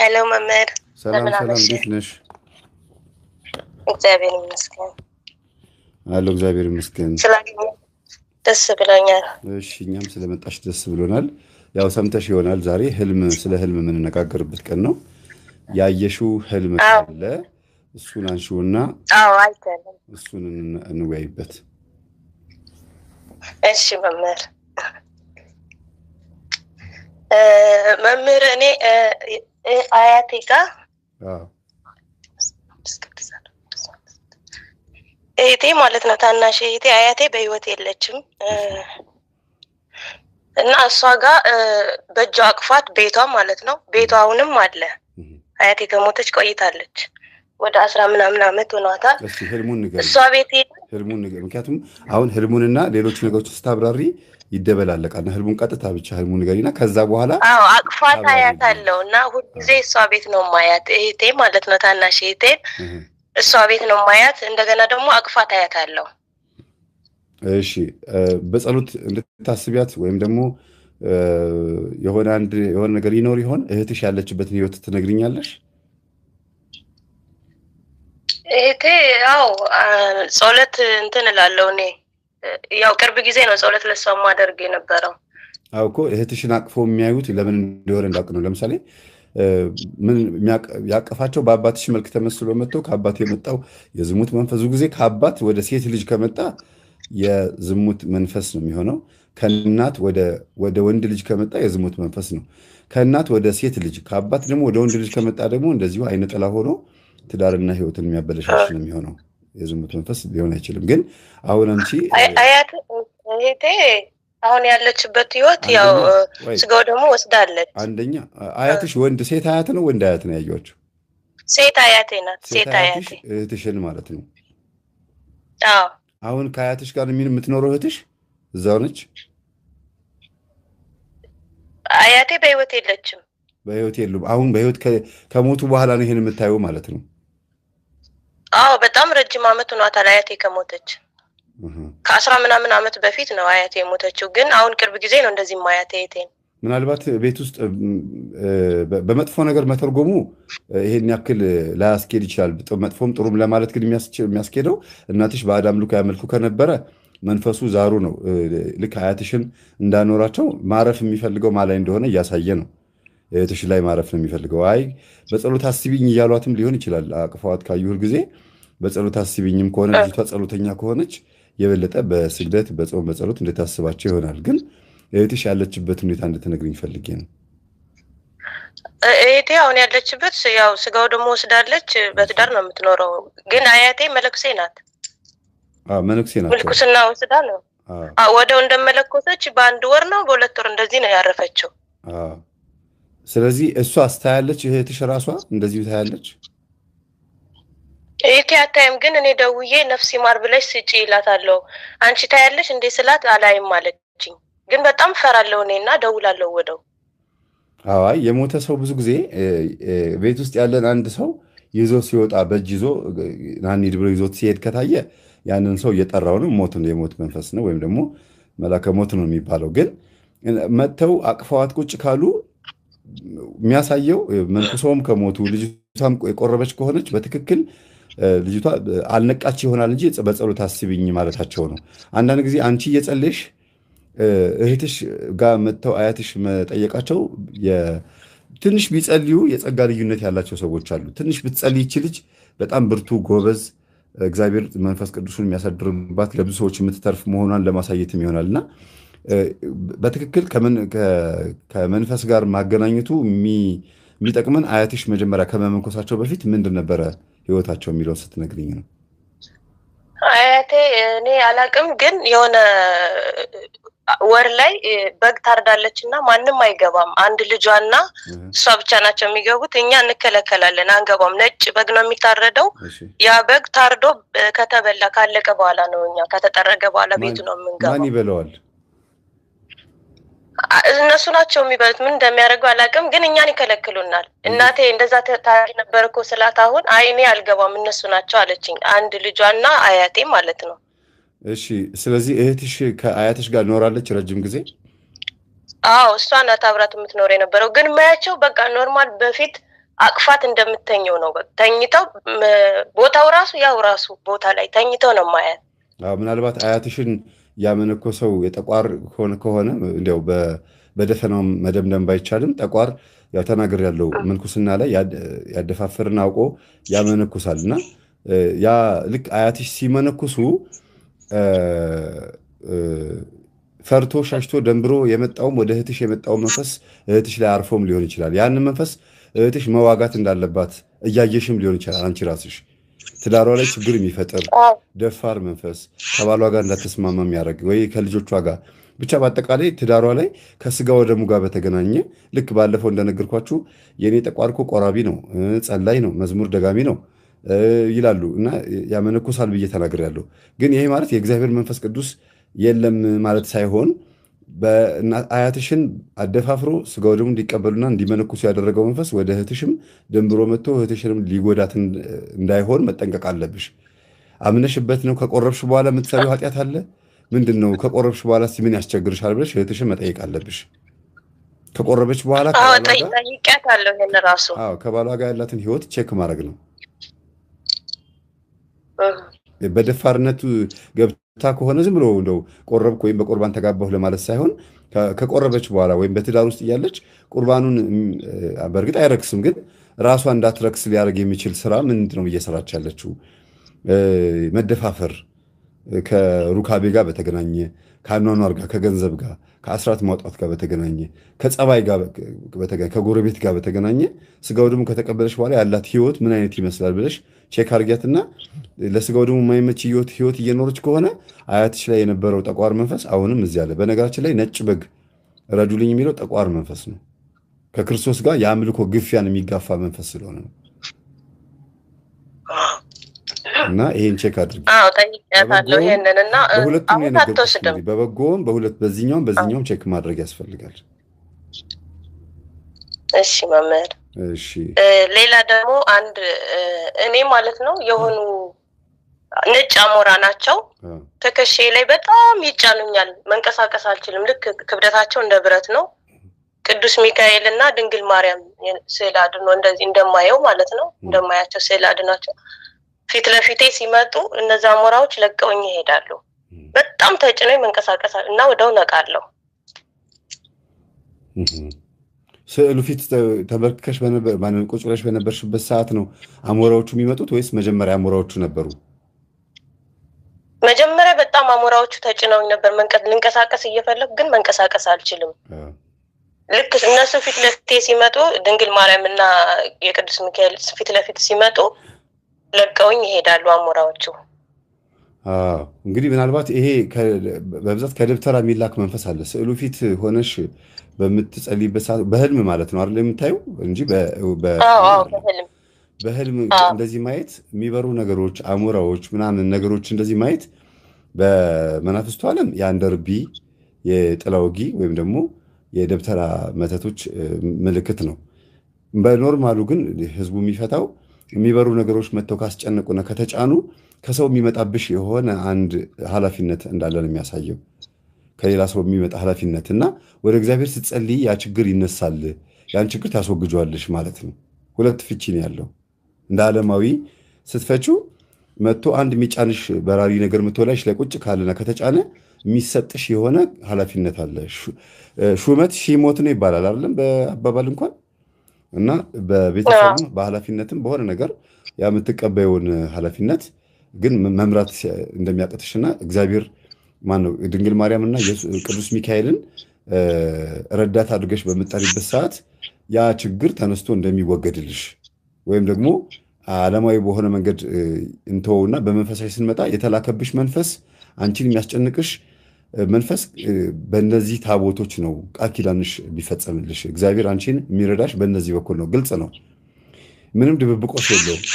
ሄሎ መምህር፣ ሰላም ሰላም፣ እንዴት ነሽ? እግዚአብሔር ይመስገን አለሁ። እግዚአብሔር ይመስገን ደስ ብሎኛል። እሺ፣ እኛም ስለመጣሽ ደስ ብሎናል። ያው ሰምተሽ ይሆናል ዛሬ ህልም ስለ ህልም የምንነጋገርበት ቀን ነው። ያየሽው ህልም ካለ እሱን አንሺውና እሱን እንወያይበት። እሺ መምህር መምህር እኔ አያቴ ጋር እህቴ ማለት ነው ታናሽ እህቴ አያቴ በህይወት የለችም እና እሷ ጋር በእጇ አቅፋት ቤቷ ማለት ነው ቤቷ አሁንም አለ። አያቴ ከሞተች ቆይታለች። ወደ አስራ ምናምን አመት ሆኗታል። እሷ ቤት ምክንያቱም አሁን ህልሙንና ሌሎች ነገሮች ስታብራሪ ይደበላለቃልና ህልሙን ቀጥታ ብቻ ህልሙን ንገሪና ከዛ በኋላ አዎ አቅፋት አያት አለው እና ሁልጊዜ እሷ ቤት ነው ማያት እህቴ ማለት ነው ታናሽ እህቴ እሷ ቤት ነው ማያት እንደገና ደግሞ አቅፋት አያት አለው እሺ በጸሎት እንድታስቢያት ወይም ደግሞ የሆነ አንድ የሆነ ነገር ይኖር ይሆን እህትሽ ያለችበትን ህይወት ትነግርኛለሽ? እህቴ አዎ ጸሎት እንትን እላለሁ እኔ ያው ቅርብ ጊዜ ነው ጸሎት ለሷ ማደርግ የነበረው። አዎ እኮ እህትሽን አቅፎ የሚያዩት ለምን እንደሆነ እንዳውቅ ነው። ለምሳሌ ምን ያቀፋቸው በአባትሽ መልክ ተመስሎ መጥተው ከአባት የመጣው የዝሙት መንፈስ ብዙ ጊዜ ከአባት ወደ ሴት ልጅ ከመጣ የዝሙት መንፈስ ነው የሚሆነው። ከእናት ወደ ወንድ ልጅ ከመጣ የዝሙት መንፈስ ነው። ከእናት ወደ ሴት ልጅ፣ ከአባት ደግሞ ወደ ወንድ ልጅ ከመጣ ደግሞ እንደዚሁ አይነጠላ ሆኖ ትዳርና ህይወትን የሚያበለሻሽ ነው የሚሆነው። የዝሙት መንፈስ ሊሆን አይችልም። ግን አሁን አንቺ አሁን ያለችበት ህይወት ያው ስጋው ደግሞ ወስዳለች። አንደኛ አያትሽ ወንድ ሴት አያት ነው ወንድ አያት ነው ያዩዋችሁ? ሴት አያቴ ናት። ሴት አያቴ እህትሽን ማለት ነው። አሁን ከአያትሽ ጋር የሚል የምትኖረው እህትሽ እዛው ነች። አያቴ በህይወት የለችም። በህይወት የሉም። አሁን በህይወት ከሞቱ በኋላ ነው ይሄን የምታየው ማለት ነው። አዎ በጣም ረጅም አመት ሆኗታል አያቴ ከሞተች። ከአስራ ምናምን አመት በፊት ነው አያቴ የሞተችው። ግን አሁን ቅርብ ጊዜ ነው እንደዚህ አያቴ የቴን ምናልባት ቤት ውስጥ በመጥፎ ነገር መተርጎሙ ይሄን ያክል ላያስኬድ ይችላል። መጥፎም ጥሩም ለማለት ግን የሚያስኬደው እናትሽ በአዳም አምልኮ ያመልኩ ከነበረ መንፈሱ ዛሩ ነው። ልክ አያትሽን እንዳኖራቸው ማረፍ የሚፈልገው ማላይ እንደሆነ እያሳየ ነው። እህትሽ ላይ ማረፍ ነው የሚፈልገው። አይ በጸሎት አስቢኝ እያሏትም ሊሆን ይችላል። አቅፈዋት ካየሁል ጊዜ በጸሎት አስቢኝም ከሆነ ልጅቷ ጸሎተኛ ከሆነች የበለጠ በስግደት በጾም በጸሎት እንደታስባቸው ይሆናል። ግን እህትሽ ያለችበት ሁኔታ እንድትነግርኝ ፈልጌ ነው። እህቴ አሁን ያለችበት ያው ስጋው ደግሞ ወስዳለች፣ በትዳር ነው የምትኖረው። ግን አያቴ መለኩሴ ናት፣ መለኩሴ ናት። ምልኩስና ወስዳ ነው ወደው እንደመለኮሰች በአንድ ወር ነው በሁለት ወር እንደዚህ ነው ያረፈችው። ስለዚህ እሷ ስታያለች፣ እህትሽ ራሷ እንደዚሁ ታያለች። ኢትያታይም ግን እኔ ደውዬ ነፍስ ይማር ብለሽ ስጪ ይላታለሁ። አንቺ ታያለሽ እንዴ ስላት አላይም አለችኝ። ግን በጣም ፈራለሁ እኔ እና ደውላለሁ ወደው። አይ የሞተ ሰው ብዙ ጊዜ ቤት ውስጥ ያለን አንድ ሰው ይዞ ሲወጣ በእጅ ይዞ ናኒ ድብሎ ይዞት ሲሄድ ከታየ ያንን ሰው እየጠራው ነው። ሞት ነው፣ የሞት መንፈስ ነው፣ ወይም ደግሞ መላከ ሞት ነው የሚባለው። ግን መጥተው አቅፈዋት ቁጭ ካሉ የሚያሳየው መንኩሰውም ከሞቱ ልጅቷም የቆረበች ከሆነች በትክክል ልጅቷ አልነቃች ይሆናል እንጂ በጸሎት አስቢኝ ማለታቸው ነው። አንዳንድ ጊዜ አንቺ እየጸለሽ እህትሽ ጋር መጥተው አያትሽ መጠየቃቸው ትንሽ ቢጸልዩ የጸጋ ልዩነት ያላቸው ሰዎች አሉ። ትንሽ ብትጸልይ ይቺ ልጅ በጣም ብርቱ ጎበዝ፣ እግዚአብሔር መንፈስ ቅዱሱን የሚያሳድርባት ለብዙ ሰዎች የምትተርፍ መሆኗን ለማሳየትም ይሆናል እና በትክክል ከመንፈስ ጋር ማገናኘቱ የሚጠቅመን አያትሽ መጀመሪያ ከመመንኮሳቸው በፊት ምንድን ነበረ ህይወታቸው የሚለውን ስትነግርኝ ነው። አያቴ እኔ አላቅም፣ ግን የሆነ ወር ላይ በግ ታርዳለች እና ማንም አይገባም። አንድ ልጇና እሷ ብቻ ናቸው የሚገቡት። እኛ እንከለከላለን፣ አንገባም። ነጭ በግ ነው የሚታረደው። ያ በግ ታርዶ ከተበላ ካለቀ በኋላ ነው እኛ ከተጠረገ በኋላ ቤቱ ነው የምንገባው። ማን ይበለዋል? እነሱ ናቸው የሚበሉት። ምን እንደሚያደርገው አላውቅም፣ ግን እኛን ይከለክሉናል። እናቴ እንደዛ ታሪ ነበር እኮ ስላት አሁን አይኔ አልገባም እነሱ ናቸው አለችኝ። አንድ ልጇና አያቴ ማለት ነው። እሺ፣ ስለዚህ እህትሽ ከአያትሽ ጋር ኖራለች ረጅም ጊዜ? አዎ፣ እሷ ናት አብራት የምትኖር የነበረው። ግን ማያቸው በቃ ኖርማል በፊት አቅፋት እንደምተኘው ነው። ተኝተው ቦታው ራሱ ያው ራሱ ቦታ ላይ ተኝተው ነው ማያት ምናልባት አያትሽን ያመነኮሰው የጠቋር ከሆነ እንዲያው በደፈናው መደምደም ባይቻልም ጠቋር ተናግር ተናገር ያለው ምንኩስና ላይ ያደፋፍርን አውቆ ያመነኩሳል እና ያ ልክ አያትሽ ሲመነኩሱ ፈርቶ ሻሽቶ ደንብሮ የመጣውም ወደ እህትሽ የመጣው መንፈስ እህትሽ ላይ አርፎም ሊሆን ይችላል። ያንን መንፈስ እህትሽ መዋጋት እንዳለባት እያየሽም ሊሆን ይችላል አንቺ ራስሽ ትዳሯ ላይ ችግር የሚፈጥር ደፋር መንፈስ ከባሏ ጋር እንዳተስማማ የሚያደርግ ወይ ከልጆቿ ጋር ብቻ በአጠቃላይ ትዳሯ ላይ ከስጋ ወደሙ ጋር በተገናኘ ልክ ባለፈው እንደነገርኳችሁ የእኔ ጠቋርኮ ቆራቢ ነው፣ ጸላይ ነው፣ መዝሙር ደጋሚ ነው ይላሉ እና ያመነኮሳል ብዬ ተናግሬያለሁ። ግን ይሄ ማለት የእግዚአብሔር መንፈስ ቅዱስ የለም ማለት ሳይሆን አያትሽን አደፋፍሮ ስጋው ደግሞ እንዲቀበሉና እንዲመነኩሱ ያደረገው መንፈስ ወደ እህትሽም ደንብሮ መጥቶ እህትሽንም ሊጎዳት እንዳይሆን መጠንቀቅ አለብሽ። አምነሽበት ነው። ከቆረብሽ በኋላ የምትሰሪው ኃጢአት አለ ምንድን ነው? ከቆረብሽ በኋላ ምን ያስቸግርሻል ብለሽ እህትሽን መጠየቅ አለብሽ። ከቆረበች በኋላ ከባሏ ጋር ያላትን ህይወት ቼክ ማድረግ ነው። በደፋርነቱ ገብ ታ ከሆነ ዝም ብሎ እንደው ቆረብኩ ወይም በቁርባን ተጋባሁ ለማለት ሳይሆን ከቆረበች በኋላ ወይም በትዳር ውስጥ እያለች ቁርባኑን በእርግጥ አይረክስም፣ ግን ራሷ እንዳትረክስ ሊያደርግ የሚችል ስራ ምንድን ነው እየሰራች ያለችው? መደፋፈር ከሩካቤ ጋር በተገናኘ ከአኗኗር ጋር ከገንዘብ ጋር ከአስራት ማውጣት ጋር በተገናኘ ከጸባይ ጋር በተገናኘ ከጎረቤት ጋር በተገናኘ ስጋው ደግሞ ከተቀበለች በኋላ ያላት ህይወት ምን አይነት ይመስላል ብለሽ ቼክ አድርጊያትና ለስጋው ደግሞ የማይመች ህይወት እየኖረች ከሆነ አያትሽ ላይ የነበረው ጠቋር መንፈስ አሁንም እዚያ አለ። በነገራችን ላይ ነጭ በግ ረዱልኝ የሚለው ጠቋር መንፈስ ነው። ከክርስቶስ ጋር የአምልኮ ግፊያን የሚጋፋ መንፈስ ስለሆነ ነው። እና ይሄን ቼክ አድርጊ። በሁለቱም የነገርኩሽ በበጎውም በሁለት በዚህኛውም በዚህኛውም ቼክ ማድረግ ያስፈልጋል። እሺ መምህር ሌላ ደግሞ አንድ እኔ ማለት ነው የሆኑ ነጭ አሞራ ናቸው። ትከሼ ላይ በጣም ይጫኑኛል። መንቀሳቀስ አልችልም። ልክ ክብደታቸው እንደ ብረት ነው። ቅዱስ ሚካኤል እና ድንግል ማርያም ስዕል አድኖ እንደዚህ እንደማየው ማለት ነው እንደማያቸው ስዕል አድናቸው ፊት ለፊቴ ሲመጡ እነዚ አሞራዎች ለቀውኝ ይሄዳሉ። በጣም ተጭኖ መንቀሳቀስ እና ወደው ነቃለሁ። ስዕሉ ፊት ተበርክከሽ ቁጭ ብለሽ በነበርሽበት ሰዓት ነው አሞራዎቹ የሚመጡት ወይስ መጀመሪያ አሞራዎቹ ነበሩ? መጀመሪያ በጣም አሞራዎቹ ተጭነውኝ ነበር። ልንቀሳቀስ እየፈለጉ ግን መንቀሳቀስ አልችልም። ልክ እነሱ ፊት ለፊቴ ሲመጡ ድንግል ማርያም እና የቅዱስ ሚካኤል ፊት ለፊት ሲመጡ ለቀውኝ ይሄዳሉ አሞራዎቹ። እንግዲህ ምናልባት ይሄ በብዛት ከደብተራ የሚላክ መንፈስ አለ። ስዕሉ ፊት ሆነሽ በምትጸልይበት ሰዓት በህልም ማለት ነው አይደል የምታየው እንጂ በህልም እንደዚህ ማየት የሚበሩ ነገሮች፣ አሞራዎች ምናምን ነገሮች እንደዚህ ማየት በመናፍስቱ ዓለም የአንደርቢ የጥላውጊ ወይም ደግሞ የደብተራ መተቶች ምልክት ነው። በኖርማሉ ግን ህዝቡ የሚፈታው የሚበሩ ነገሮች መጥተው ካስጨነቁና ከተጫኑ ከሰው የሚመጣብሽ የሆነ አንድ ኃላፊነት እንዳለ ነው የሚያሳየው። ከሌላ ሰው የሚመጣ ኃላፊነት እና ወደ እግዚአብሔር ስትጸልይ ያ ችግር ይነሳል፣ ያን ችግር ታስወግጇዋለሽ ማለት ነው። ሁለት ፍቺ ነው ያለው። እንደ ዓለማዊ ስትፈችው መቶ አንድ የሚጫንሽ በራሪ ነገር ምትወላሽ ላይ ቁጭ ካለና ከተጫነ የሚሰጥሽ የሆነ ኃላፊነት አለ። ሹመት ሺህ ሞት ነው ይባላል አይደለም በአባባል እንኳን እና በቤተሰቡ በኃላፊነትም በሆነ ነገር ያ የምትቀበየውን ኃላፊነት ግን መምራት እንደሚያቀትሽና እግዚአብሔር ማነው ድንግል ማርያምና ቅዱስ ሚካኤልን ረዳት አድርገሽ በምጠሪበት ሰዓት ያ ችግር ተነስቶ እንደሚወገድልሽ ወይም ደግሞ ዓለማዊ በሆነ መንገድ እንተወውና በመንፈሳዊ ስንመጣ የተላከብሽ መንፈስ አንቺን የሚያስጨንቅሽ መንፈስ በእነዚህ ታቦቶች ነው ቃል ኪዳንሽ እግዚአብሔር አንቺን የሚረዳሽ በእነዚህ በኩል ነው። ግልጽ ነው። ምንም ድብብቆች የለውም።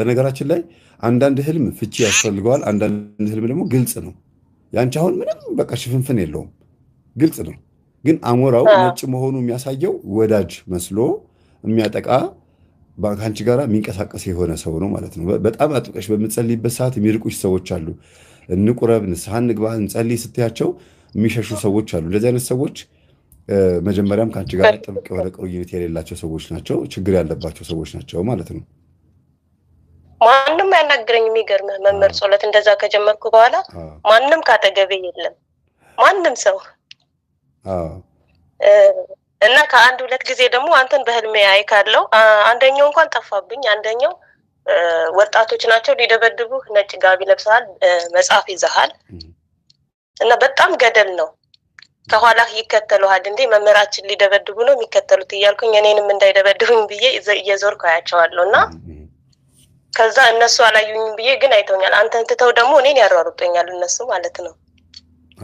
በነገራችን ላይ አንዳንድ ህልም ፍቺ ያስፈልገዋል። አንዳንድ ህልም ደግሞ ግልጽ ነው። ያንቺ አሁን ምንም በቃ ሽፍንፍን የለውም፣ ግልጽ ነው። ግን አሞራው ነጭ መሆኑ የሚያሳየው ወዳጅ መስሎ የሚያጠቃ ከአንቺ ጋር የሚንቀሳቀስ የሆነ ሰው ነው ማለት ነው። በጣም አጥብቀሽ በምትጸልይበት ሰዓት የሚርቁሽ ሰዎች አሉ። እንቁረብ፣ ንስሐ እንግባ፣ እንጸልይ ስትያቸው የሚሸሹ ሰዎች አሉ። እንደዚህ አይነት ሰዎች መጀመሪያም ከአንቺ ጋር ጥብቅ የሆነ ቁርኝት የሌላቸው ሰዎች ናቸው፣ ችግር ያለባቸው ሰዎች ናቸው ማለት ነው። ማንም ያናግረኝ። የሚገርምህ መምህር ጸሎት እንደዛ ከጀመርኩ በኋላ ማንም ካጠገቤ የለም ማንም ሰው እና ከአንድ ሁለት ጊዜ ደግሞ አንተን በህልሜ አይ ካለው አንደኛው እንኳን ጠፋብኝ። አንደኛው ወጣቶች ናቸው ሊደበድቡ ነጭ ጋቢ ለብሰሃል፣ መጽሐፍ ይዘሃል እና በጣም ገደል ነው። ከኋላህ ይከተሉሃል። እንዴ መምህራችን ሊደበድቡ ነው የሚከተሉት እያልኩኝ እኔንም እንዳይደበድቡኝ ብዬ እየዞርኩ አያቸዋለሁ እና ከዛ እነሱ አላዩኝም ብዬ ግን አይተውኛል። አንተን ትተው ደግሞ እኔን ያሯሩጦኛል እነሱ ማለት ነው።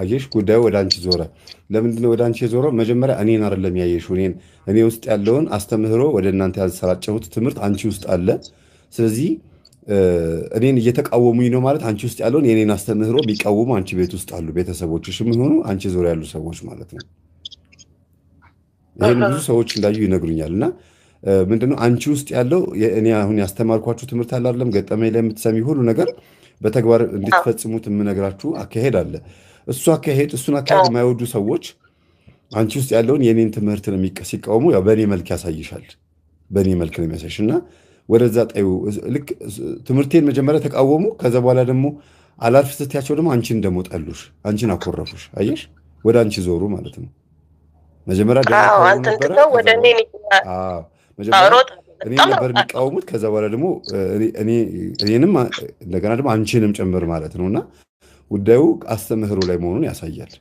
አየሽ ጉዳዩ ወደ አንቺ ዞረ። ለምንድነው ወደ አንቺ የዞረው? መጀመሪያ እኔን አይደለም ያየሽው፣ እኔን እኔ ውስጥ ያለውን አስተምህሮ ወደ እናንተ ያሰራጨሁት ትምህርት አንቺ ውስጥ አለ። ስለዚህ እኔን እየተቃወሙኝ ነው ማለት አንቺ ውስጥ ያለውን የእኔን አስተምህሮ የሚቃወሙ አንቺ ቤት ውስጥ አሉ፣ ቤተሰቦችሽ የሚሆኑ አንቺ ዙሪያ ያሉ ሰዎች ማለት ነው። ይህን ብዙ ሰዎች እንዳዩ ይነግሩኛል እና ምንድነው አንቺ ውስጥ ያለው እኔ አሁን ያስተማርኳችሁ ትምህርት አለ አይደለም፣ ገጠመኝ ላይ የምትሰሚ ሁሉ ነገር በተግባር እንድትፈጽሙት የምነግራችሁ አካሄድ አለ። እሱ አካሄድ እሱን አካሄድ የማይወዱ ሰዎች አንቺ ውስጥ ያለውን የእኔን ትምህርት ነው ሲቃወሙ፣ ያው በእኔ መልክ ያሳይሻል፣ በእኔ መልክ ነው የሚያሳይሽ እና ወደዛ ጣዩ ልክ ትምህርቴን መጀመሪያ ተቃወሙ። ከዛ በኋላ ደግሞ አላልፍ ስትያቸው ደግሞ አንቺን ደግሞ ጠሉሽ፣ አንቺን አኮረፉሽ። አየሽ፣ ወደ አንቺ ዞሩ ማለት ነው። መጀመሪያ ደግሞ ነበረ መጀመሪያ ነበር የሚቃወሙት። ከዛ በኋላ ደግሞ እኔንም እንደገና ደግሞ አንቺንም ጭምር ማለት ነው እና ጉዳዩ አስተምህሮ ላይ መሆኑን ያሳያል።